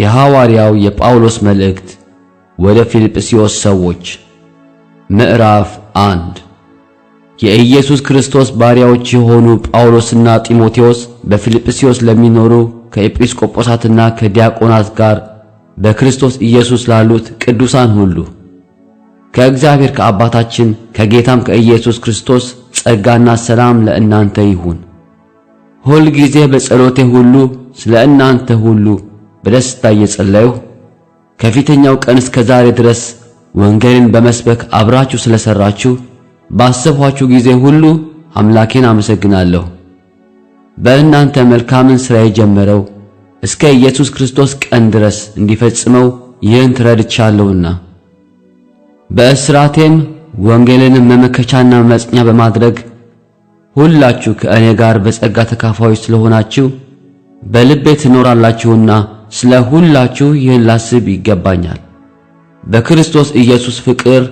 የሐዋርያው የጳውሎስ መልእክት ወደ ፊልጵስዮስ ሰዎች ምዕራፍ አንድ የኢየሱስ ክርስቶስ ባሪያዎች የሆኑ ጳውሎስና ጢሞቴዎስ በፊልጵስዮስ ለሚኖሩ ከኤጲስቆጶሳትና ከዲያቆናት ጋር በክርስቶስ ኢየሱስ ላሉት ቅዱሳን ሁሉ ከእግዚአብሔር ከአባታችን ከጌታም ከኢየሱስ ክርስቶስ ጸጋና ሰላም ለእናንተ ይሁን። ሁል ጊዜ በጸሎቴ ሁሉ ስለ እናንተ ሁሉ በደስታ እየጸለይሁ ከፊተኛው ቀን እስከ ዛሬ ድረስ ወንጌልን በመስበክ አብራችሁ ስለሰራችሁ ባሰብኋችሁ ጊዜ ሁሉ አምላኬን አመሰግናለሁ። በእናንተ መልካምን ሥራ የጀመረው እስከ ኢየሱስ ክርስቶስ ቀን ድረስ እንዲፈጽመው ይህን ትረድቻለሁና በእስራቴም ወንጌልንም መመከቻና መጽኛ በማድረግ ሁላችሁ ከእኔ ጋር በጸጋ ተካፋዮች ስለሆናችሁ በልቤ ትኖራላችሁና ስለ ሁላችሁ ይህን ላስብ ይገባኛል። በክርስቶስ ኢየሱስ ፍቅር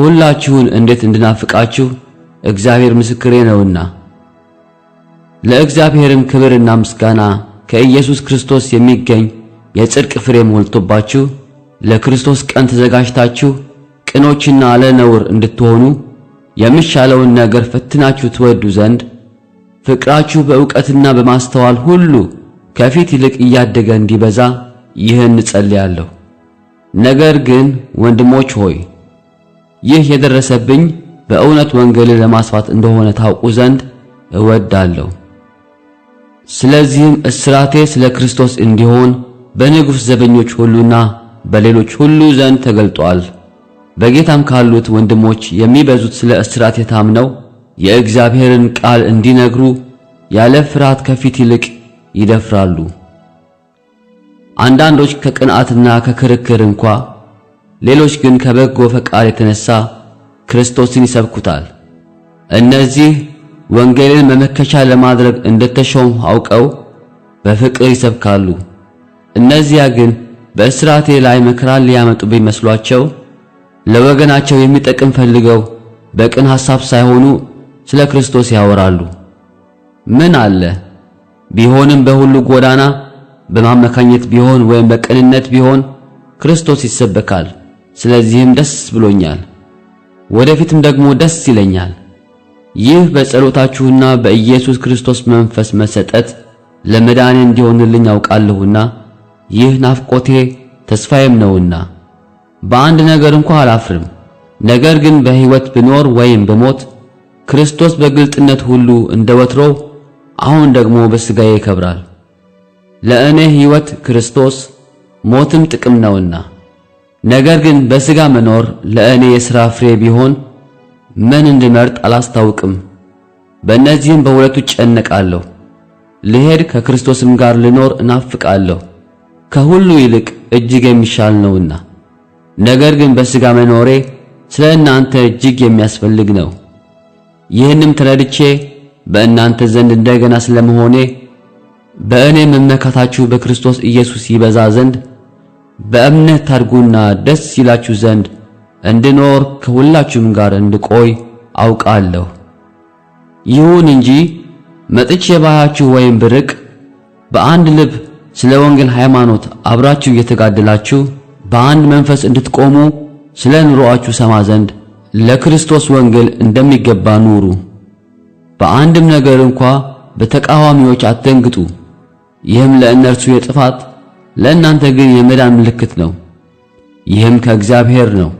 ሁላችሁን እንዴት እንድናፍቃችሁ እግዚአብሔር ምስክሬ ነውና። ለእግዚአብሔርም ክብርና ምስጋና ከኢየሱስ ክርስቶስ የሚገኝ የጽድቅ ፍሬ ሞልቶባችሁ ለክርስቶስ ቀን ተዘጋጅታችሁ ቅኖችና አለነውር እንድትሆኑ የሚሻለውን ነገር ፈትናችሁ ትወዱ ዘንድ ፍቅራችሁ በእውቀትና በማስተዋል ሁሉ ከፊት ይልቅ እያደገ እንዲበዛ ይህን እጸልያለሁ። ነገር ግን ወንድሞች ሆይ ይህ የደረሰብኝ በእውነት ወንጌልን ለማስፋት እንደሆነ ታውቁ ዘንድ እወዳለሁ። ስለዚህም እስራቴ ስለ ክርስቶስ እንዲሆን በንጉሥ ዘበኞች ሁሉና በሌሎች ሁሉ ዘንድ ተገልጧል። በጌታም ካሉት ወንድሞች የሚበዙት ስለ እስራቴ ታምነው የእግዚአብሔርን ቃል እንዲነግሩ ያለ ፍርሃት ከፊት ይልቅ ይደፍራሉ። አንዳንዶች ከቅንዓትና ከክርክር እንኳ፣ ሌሎች ግን ከበጎ ፈቃድ የተነሳ ክርስቶስን ይሰብኩታል። እነዚህ ወንጌልን መመከቻ ለማድረግ እንደተሾም አውቀው በፍቅር ይሰብካሉ። እነዚያ ግን በእስራቴ ላይ መከራን ሊያመጡ ቢመስሏቸው ለወገናቸው የሚጠቅም ፈልገው በቅን ሐሳብ ሳይሆኑ ስለ ክርስቶስ ያወራሉ። ምን አለ ቢሆንም በሁሉ ጎዳና በማመካኘት ቢሆን ወይም በቅንነት ቢሆን ክርስቶስ ይሰበካል። ስለዚህም ደስ ብሎኛል፣ ወደፊትም ደግሞ ደስ ይለኛል። ይህ በጸሎታችሁና በኢየሱስ ክርስቶስ መንፈስ መሰጠት ለመዳኔ እንዲሆንልኝ አውቃለሁና ይህ ናፍቆቴ ተስፋዬም ነውና በአንድ ነገር እንኳ አላፍርም። ነገር ግን በሕይወት ብኖር ወይም በሞት ክርስቶስ በግልጥነት ሁሉ እንደ ወትሮው አሁን ደግሞ በስጋዬ ይከብራል። ለእኔ ሕይወት ክርስቶስ ሞትም ጥቅም ነውና። ነገር ግን በስጋ መኖር ለእኔ የሥራ ፍሬ ቢሆን ምን እንድመርጥ አላስታውቅም። በእነዚህም በሁለቱ እጨነቃለሁ። ልሄድ ከክርስቶስም ጋር ልኖር እናፍቃለሁ፣ ከሁሉ ይልቅ እጅግ የሚሻል ነውና። ነገር ግን በስጋ መኖሬ ስለ እናንተ እጅግ የሚያስፈልግ ነው። ይህንም ተረድቼ በእናንተ ዘንድ እንደገና ስለመሆኔ በእኔ መመካታችሁ በክርስቶስ ኢየሱስ ይበዛ ዘንድ በእምነት ታድጉና ደስ ይላችሁ ዘንድ እንድኖር ከሁላችሁም ጋር እንድቆይ አውቃለሁ። ይሁን እንጂ መጥቼ ባያችሁ ወይም ብርቅ በአንድ ልብ ስለ ወንጌል ሃይማኖት አብራችሁ እየተጋደላችሁ በአንድ መንፈስ እንድትቆሙ ስለ ኑሮአችሁ ሰማ ዘንድ ለክርስቶስ ወንጌል እንደሚገባ ኑሩ። በአንድም ነገር እንኳ በተቃዋሚዎች አትደንግጡ። ይህም ለእነርሱ የጥፋት ለእናንተ ግን የመዳን ምልክት ነው። ይህም ከእግዚአብሔር ነው።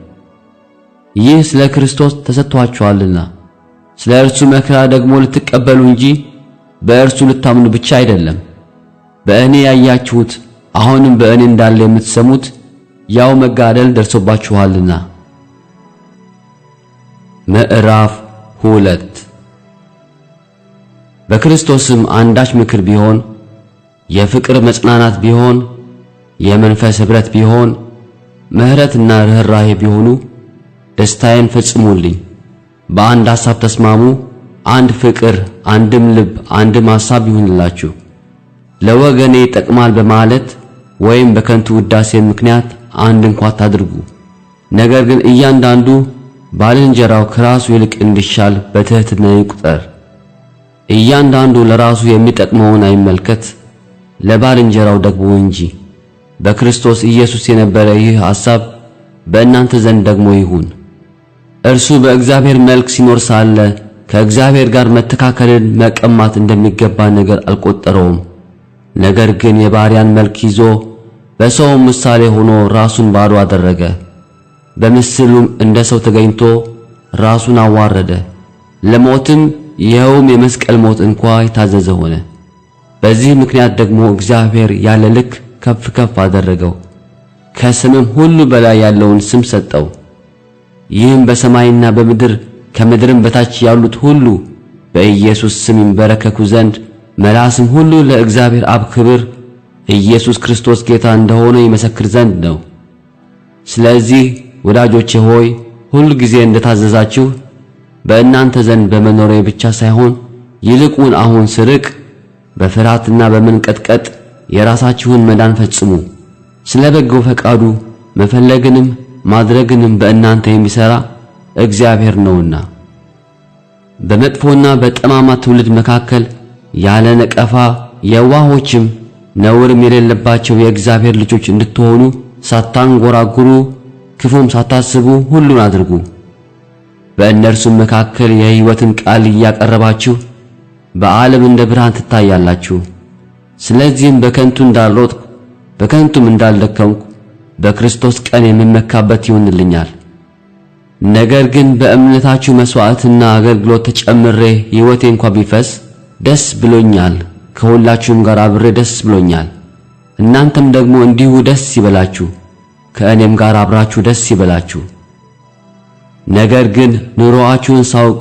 ይህ ስለ ክርስቶስ ተሰጥቷችኋልና ስለ እርሱ መከራ ደግሞ ልትቀበሉ እንጂ በእርሱ ልታምኑ ብቻ አይደለም። በእኔ ያያችሁት አሁንም በእኔ እንዳለ የምትሰሙት ያው መጋደል ደርሶባችኋልና። ምዕራፍ ሁለት በክርስቶስም አንዳች ምክር ቢሆን የፍቅር መጽናናት ቢሆን የመንፈስ ኅብረት ቢሆን ምሕረትና ርህራሄ ቢሆኑ ደስታዬን ፈጽሙልኝ። በአንድ ሐሳብ ተስማሙ። አንድ ፍቅር፣ አንድም ልብ፣ አንድም ሐሳብ ይሁንላችሁ። ለወገኔ ይጠቅማል በማለት ወይም በከንቱ ውዳሴ ምክንያት አንድ እንኳ አታድርጉ። ነገር ግን እያንዳንዱ ባልንጀራው ከራሱ ይልቅ እንዲሻል በትሕትና ይቁጠር። እያንዳንዱ ለራሱ የሚጠቅመውን አይመልከት ለባልንጀራው ደግሞ እንጂ። በክርስቶስ ኢየሱስ የነበረ ይህ ሐሳብ በእናንተ ዘንድ ደግሞ ይሁን። እርሱ በእግዚአብሔር መልክ ሲኖር ሳለ ከእግዚአብሔር ጋር መተካከልን መቀማት እንደሚገባ ነገር አልቆጠረውም። ነገር ግን የባሪያን መልክ ይዞ በሰውም ምሳሌ ሆኖ ራሱን ባዶ አደረገ። በምስሉም እንደ ሰው ተገኝቶ ራሱን አዋረደ፣ ለሞትም ይኸውም የመስቀል ሞት እንኳ የታዘዘ ሆነ። በዚህ ምክንያት ደግሞ እግዚአብሔር ያለ ልክ ከፍ ከፍ አደረገው፣ ከስምም ሁሉ በላይ ያለውን ስም ሰጠው። ይህም በሰማይና በምድር ከምድርም በታች ያሉት ሁሉ በኢየሱስ ስም ይንበረከኩ ዘንድ መላስም ሁሉ ለእግዚአብሔር አብ ክብር ኢየሱስ ክርስቶስ ጌታ እንደሆነ ይመሰክር ዘንድ ነው። ስለዚህ ወዳጆቼ ሆይ ሁል ጊዜ እንደታዘዛችሁ በእናንተ ዘንድ በመኖሬ ብቻ ሳይሆን ይልቁን አሁን ስርቅ በፍርሃትና በመንቀጥቀጥ የራሳችሁን መዳን ፈጽሙ። ስለ በጎ ፈቃዱ መፈለግንም ማድረግንም በእናንተ የሚሠራ እግዚአብሔር ነውና። በመጥፎና በጠማማ ትውልድ መካከል ያለ ነቀፋ የዋሆችም ነውርም የሌለባቸው የእግዚአብሔር ልጆች እንድትሆኑ ሳታንጎራጉሩ ክፉም ሳታስቡ ሁሉን አድርጉ። በእነርሱም መካከል የሕይወትን ቃል እያቀረባችሁ በዓለም እንደ ብርሃን ትታያላችሁ። ስለዚህም በከንቱ እንዳልሮጥኩ በከንቱም እንዳልደከምኩ በክርስቶስ ቀን የምመካበት ይሆንልኛል። ነገር ግን በእምነታችሁ መሥዋዕትና አገልግሎት ተጨምሬ ሕይወቴ እንኳ ቢፈስ ደስ ብሎኛል፣ ከሁላችሁም ጋር አብሬ ደስ ብሎኛል። እናንተም ደግሞ እንዲሁ ደስ ይበላችሁ፣ ከእኔም ጋር አብራችሁ ደስ ይበላችሁ። ነገር ግን ኑሮአችሁን ሳውቅ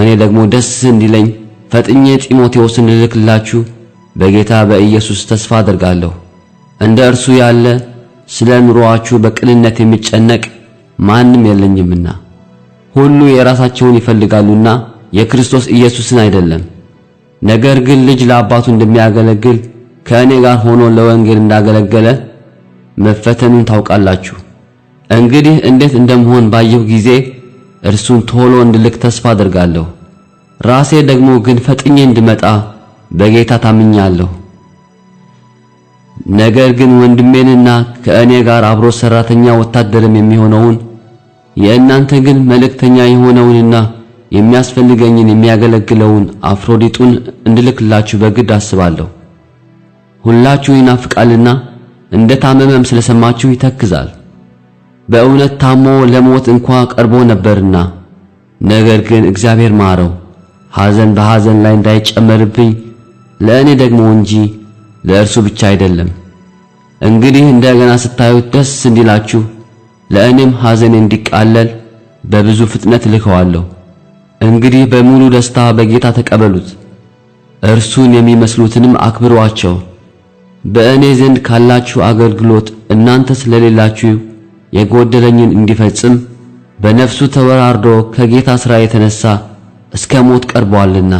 እኔ ደግሞ ደስ እንዲለኝ ፈጥኜ ጢሞቴዎስን ልልክላችሁ በጌታ በኢየሱስ ተስፋ አደርጋለሁ። እንደ እርሱ ያለ ስለ ኑሮአችሁ በቅንነት የሚጨነቅ ማንም የለኝምና ሁሉ የራሳቸውን ይፈልጋሉና የክርስቶስ ኢየሱስን አይደለም። ነገር ግን ልጅ ለአባቱ እንደሚያገለግል ከእኔ ጋር ሆኖ ለወንጌል እንዳገለገለ መፈተኑን ታውቃላችሁ። እንግዲህ እንዴት እንደምሆን ባየሁ ጊዜ እርሱን ቶሎ እንድልክ ተስፋ አደርጋለሁ። ራሴ ደግሞ ግን ፈጥኜ እንድመጣ በጌታ ታምኛለሁ። ነገር ግን ወንድሜንና ከእኔ ጋር አብሮ ሰራተኛ ወታደርም የሚሆነውን የእናንተ ግን መልእክተኛ የሆነውንና የሚያስፈልገኝን የሚያገለግለውን አፍሮዲጡን እንድልክላችሁ በግድ አስባለሁ። ሁላችሁ ይናፍቃልና እንደ ታመመም ስለሰማችሁ ይተክዛል። በእውነት ታሞ ለሞት እንኳ ቀርቦ ነበርና፣ ነገር ግን እግዚአብሔር ማረው። ሐዘን በሐዘን ላይ እንዳይጨመርብኝ ለእኔ ደግሞ እንጂ ለእርሱ ብቻ አይደለም። እንግዲህ እንደገና ስታዩት ደስ እንዲላችሁ ለእኔም ሐዘኔ እንዲቃለል በብዙ ፍጥነት ልከዋለሁ። እንግዲህ በሙሉ ደስታ በጌታ ተቀበሉት፣ እርሱን የሚመስሉትንም አክብሯቸው። በእኔ ዘንድ ካላችሁ አገልግሎት እናንተ ስለሌላችሁ የጎደለኝን እንዲፈጽም በነፍሱ ተወራርዶ ከጌታ ሥራ የተነሳ እስከ ሞት ቀርቧልና።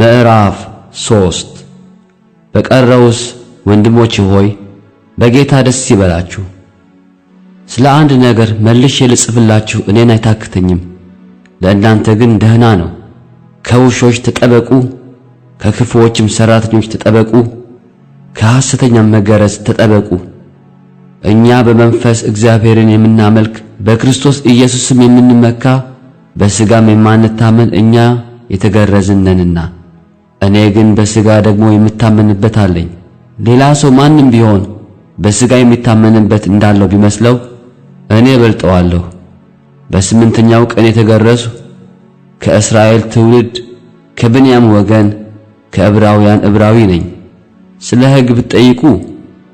ምዕራፍ ሶስት በቀረውስ ወንድሞች ሆይ በጌታ ደስ ይበላችሁ። ስለ አንድ ነገር መልሼ ልጽፍላችሁ እኔን አይታክተኝም፣ ለእናንተ ግን ደህና ነው። ከውሾች ተጠበቁ፣ ከክፉዎችም ሠራተኞች ተጠበቁ ከሐሰተኛ መገረዝ ተጠበቁ። እኛ በመንፈስ እግዚአብሔርን የምናመልክ በክርስቶስ ኢየሱስም የምንመካ በሥጋም የማንታመን እኛ የተገረዝን ነንና፣ እኔ ግን በሥጋ ደግሞ የምታመንበት አለኝ። ሌላ ሰው ማንም ቢሆን በሥጋ የሚታመንበት እንዳለው ቢመስለው እኔ እበልጠዋለሁ። በስምንተኛው ቀን የተገረዙ ከእስራኤል ትውልድ ከብንያም ወገን ከዕብራውያን ዕብራዊ ነኝ። ስለ ሕግ ብትጠይቁ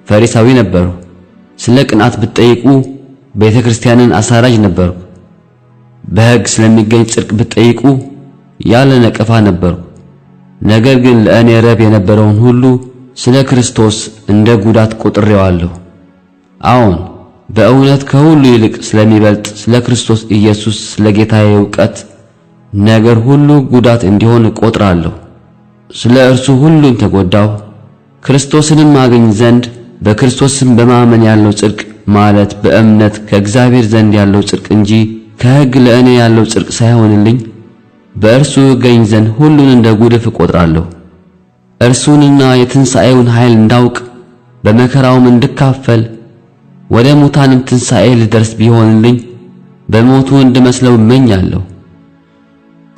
ፈሪሳዊ ነበሩ! ስለ ቅንዓት ብትጠይቁ ቤተ ክርስቲያንን አሳራጅ ነበርኩ። በሕግ ስለሚገኝ ጽድቅ ብትጠይቁ ያለ ነቀፋ ነበርኩ። ነገር ግን ለእኔ ረብ የነበረውን ሁሉ ስለ ክርስቶስ እንደ ጉዳት ቆጥሬዋለሁ። አዎን በእውነት ከሁሉ ይልቅ ስለሚበልጥ ስለ ክርስቶስ ኢየሱስ ስለ ጌታዬ እውቀት ነገር ሁሉ ጉዳት እንዲሆን እቆጥራለሁ። ስለ እርሱ ሁሉን ተጎዳሁ። ክርስቶስንም አገኝ ዘንድ በክርስቶስም በማመን ያለው ጽድቅ ማለት በእምነት ከእግዚአብሔር ዘንድ ያለው ጽድቅ እንጂ ከሕግ ለእኔ ያለው ጽድቅ ሳይሆንልኝ በእርሱ እገኝ ዘንድ ሁሉን እንደ ጉድፍ እቆጥራለሁ እርሱንና የትንሣኤውን ኃይል እንዳውቅ በመከራውም እንድካፈል ወደ ሙታንም ትንሣኤ ልደርስ ቢሆንልኝ በሞቱ እንድመስለው እመኛለሁ።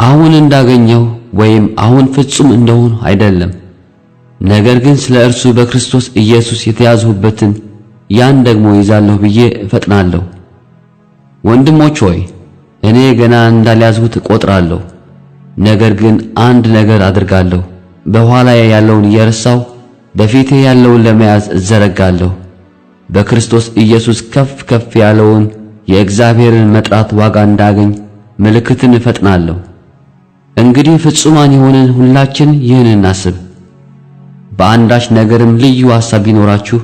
አሁን እንዳገኘው ወይም አሁን ፍጹም እንደሆኑ አይደለም። ነገር ግን ስለ እርሱ በክርስቶስ ኢየሱስ የተያዝሁበትን ያን ደግሞ ይዛለሁ ብዬ እፈጥናለሁ። ወንድሞች ሆይ እኔ ገና እንዳልያዝሁት እቆጥራለሁ። ነገር ግን አንድ ነገር አድርጋለሁ፣ በኋላ ያለውን እየረሳሁ በፊቴ ያለውን ለመያዝ እዘረጋለሁ። በክርስቶስ ኢየሱስ ከፍ ከፍ ያለውን የእግዚአብሔርን መጥራት ዋጋ እንዳገኝ ምልክትን እፈጥናለሁ። እንግዲህ ፍጹማን የሆንን ሁላችን ይህን እናስብ። በአንዳች ነገርም ልዩ ሐሳብ ቢኖራችሁ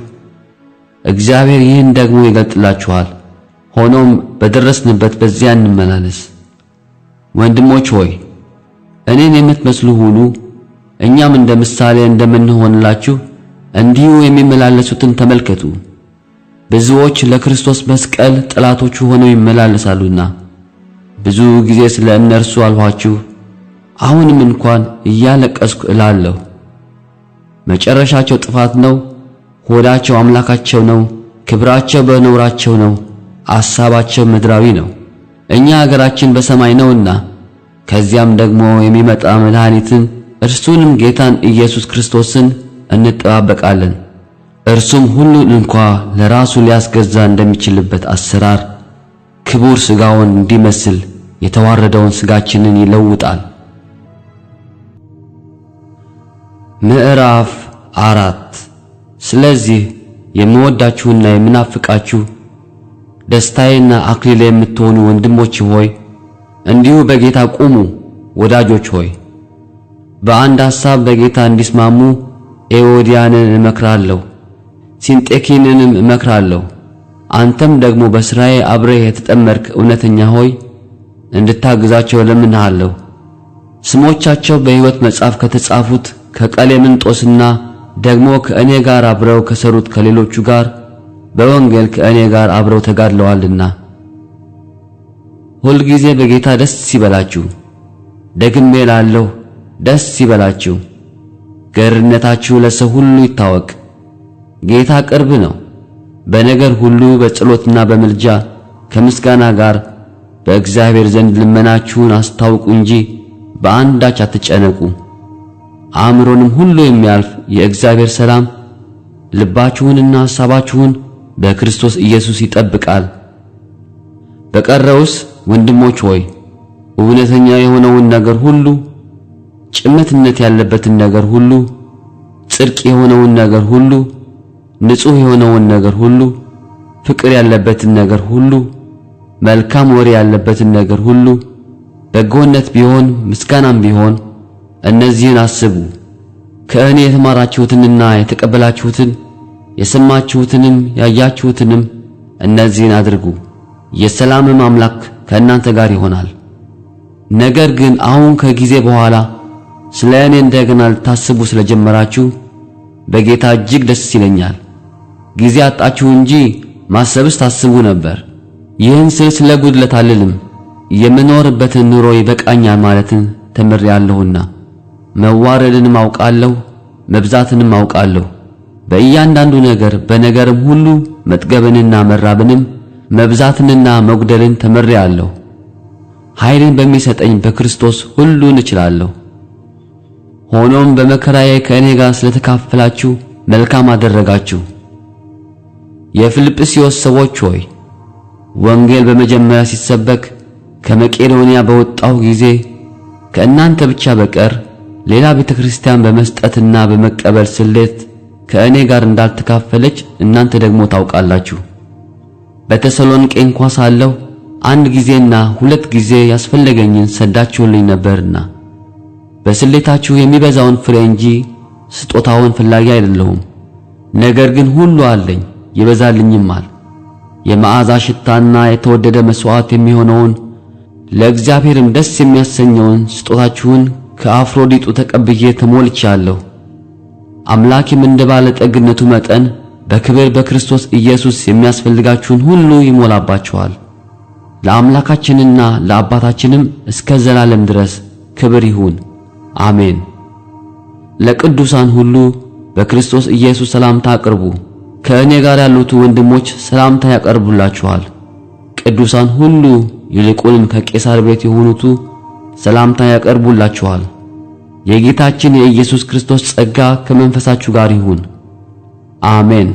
እግዚአብሔር ይህን ደግሞ ይገልጥላችኋል። ሆኖም በደረስንበት በዚያ እንመላለስ። ወንድሞች ሆይ እኔን የምትመስሉ ሁኑ፣ እኛም እንደ ምሳሌ እንደምንሆንላችሁ እንዲሁ የሚመላለሱትን ተመልከቱ። ብዙዎች ለክርስቶስ መስቀል ጠላቶቹ ሆነው ይመላለሳሉና ብዙ ጊዜ ስለ እነርሱ አልኋችሁ፣ አሁንም እንኳን እያለቀስኩ እላለሁ። መጨረሻቸው ጥፋት ነው። ሆዳቸው አምላካቸው ነው። ክብራቸው በኖራቸው ነው። አሳባቸው ምድራዊ ነው። እኛ ሀገራችን በሰማይ ነውና ከዚያም ደግሞ የሚመጣ መድኃኒትን እርሱንም ጌታን ኢየሱስ ክርስቶስን እንጠባበቃለን። እርሱም ሁሉን እንኳ ለራሱ ሊያስገዛ እንደሚችልበት አሰራር ክቡር ሥጋውን እንዲመስል የተዋረደውን ሥጋችንን ይለውጣል። ምዕራፍ አራት ስለዚህ የምወዳችሁና የምናፍቃችሁ ደስታዬና አክሊሌ የምትሆኑ ወንድሞች ሆይ እንዲሁ በጌታ ቁሙ። ወዳጆች ሆይ በአንድ ሐሳብ በጌታ እንዲስማሙ ኤዎዲያንን እመክራለሁ፣ ሲንጤኪንንም እመክራለሁ። አንተም ደግሞ በሥራዬ አብረህ የተጠመርክ እውነተኛ ሆይ እንድታግዛቸው እለምንሃለሁ። ስሞቻቸው በሕይወት መጽሐፍ ከተጻፉት ከቀሌምንጦስና ደግሞ ከእኔ ጋር አብረው ከሰሩት ከሌሎቹ ጋር በወንጌል ከእኔ ጋር አብረው ተጋድለዋልና ሁልጊዜ በጌታ ደስ ይበላችሁ። ደግሜ እላለሁ ደስ ይበላችሁ። ገርነታችሁ ለሰው ሁሉ ይታወቅ። ጌታ ቅርብ ነው። በነገር ሁሉ በጸሎትና በምልጃ ከምስጋና ጋር በእግዚአብሔር ዘንድ ልመናችሁን አስታውቁ እንጂ በአንዳች አትጨነቁ። አእምሮንም ሁሉ የሚያልፍ የእግዚአብሔር ሰላም ልባችሁንና ሐሳባችሁን በክርስቶስ ኢየሱስ ይጠብቃል። በቀረውስ ወንድሞች ሆይ እውነተኛ የሆነውን ነገር ሁሉ፣ ጭምትነት ያለበትን ነገር ሁሉ፣ ጽድቅ የሆነውን ነገር ሁሉ፣ ንጹሕ የሆነውን ነገር ሁሉ፣ ፍቅር ያለበትን ነገር ሁሉ፣ መልካም ወሬ ያለበትን ነገር ሁሉ፣ በጎነት ቢሆን ምስጋናም ቢሆን እነዚህን አስቡ። ከእኔ የተማራችሁትንና የተቀበላችሁትን የሰማችሁትንም ያያችሁትንም እነዚህን አድርጉ፣ የሰላምም አምላክ ከእናንተ ጋር ይሆናል። ነገር ግን አሁን ከጊዜ በኋላ ስለ እኔ እንደገና ልታስቡ ስለጀመራችሁ በጌታ እጅግ ደስ ይለኛል። ጊዜ አጣችሁ እንጂ ማሰብስ ታስቡ ነበር። ይህን ስል ስለ ጉድለት አልልም፣ የምኖርበትን ኑሮ ይበቃኛል ማለትን ተምሬአለሁና። መዋረድንም አውቃለሁ፣ መብዛትንም አውቃለሁ። በእያንዳንዱ ነገር በነገርም ሁሉ መጥገብንና መራብንም መብዛትንና መጉደልን ተመሪያለሁ። ኃይልን በሚሰጠኝ በክርስቶስ ሁሉን እችላለሁ። ሆኖም በመከራዬ ከእኔ ጋር ስለተካፈላችሁ መልካም አደረጋችሁ። የፊልጵስዮስ ሰዎች ሆይ ወንጌል በመጀመሪያ ሲሰበክ ከመቄዶንያ በወጣሁ ጊዜ ከእናንተ ብቻ በቀር ሌላ ቤተ ክርስቲያን በመስጠትና በመቀበል ስሌት ከእኔ ጋር እንዳልተካፈለች እናንተ ደግሞ ታውቃላችሁ። በተሰሎንቄ እንኳ ሳለሁ አንድ ጊዜና ሁለት ጊዜ ያስፈለገኝን ሰዳችሁልኝ ነበርና በስሌታችሁ የሚበዛውን ፍሬ እንጂ ስጦታውን ፍላጊ አይደለሁም። ነገር ግን ሁሉ አለኝ ይበዛልኝማል። የመዓዛ ሽታና የተወደደ መሥዋዕት የሚሆነውን ለእግዚአብሔርም ደስ የሚያሰኘውን ስጦታችሁን ከአፍሮዲጡ ተቀብዬ ተሞልቻለሁ። አምላኬም እንደ ባለ ጠግነቱ መጠን በክብር በክርስቶስ ኢየሱስ የሚያስፈልጋችሁን ሁሉ ይሞላባችኋል። ለአምላካችንና ለአባታችንም እስከ ዘላለም ድረስ ክብር ይሁን፣ አሜን። ለቅዱሳን ሁሉ በክርስቶስ ኢየሱስ ሰላምታ አቅርቡ። ከእኔ ጋር ያሉት ወንድሞች ሰላምታ ያቀርቡላችኋል። ቅዱሳን ሁሉ ይልቁንም ከቄሳር ቤት የሆኑቱ ሰላምታ ያቀርቡላችኋል። የጌታችን የኢየሱስ ክርስቶስ ጸጋ ከመንፈሳችሁ ጋር ይሁን። አሜን።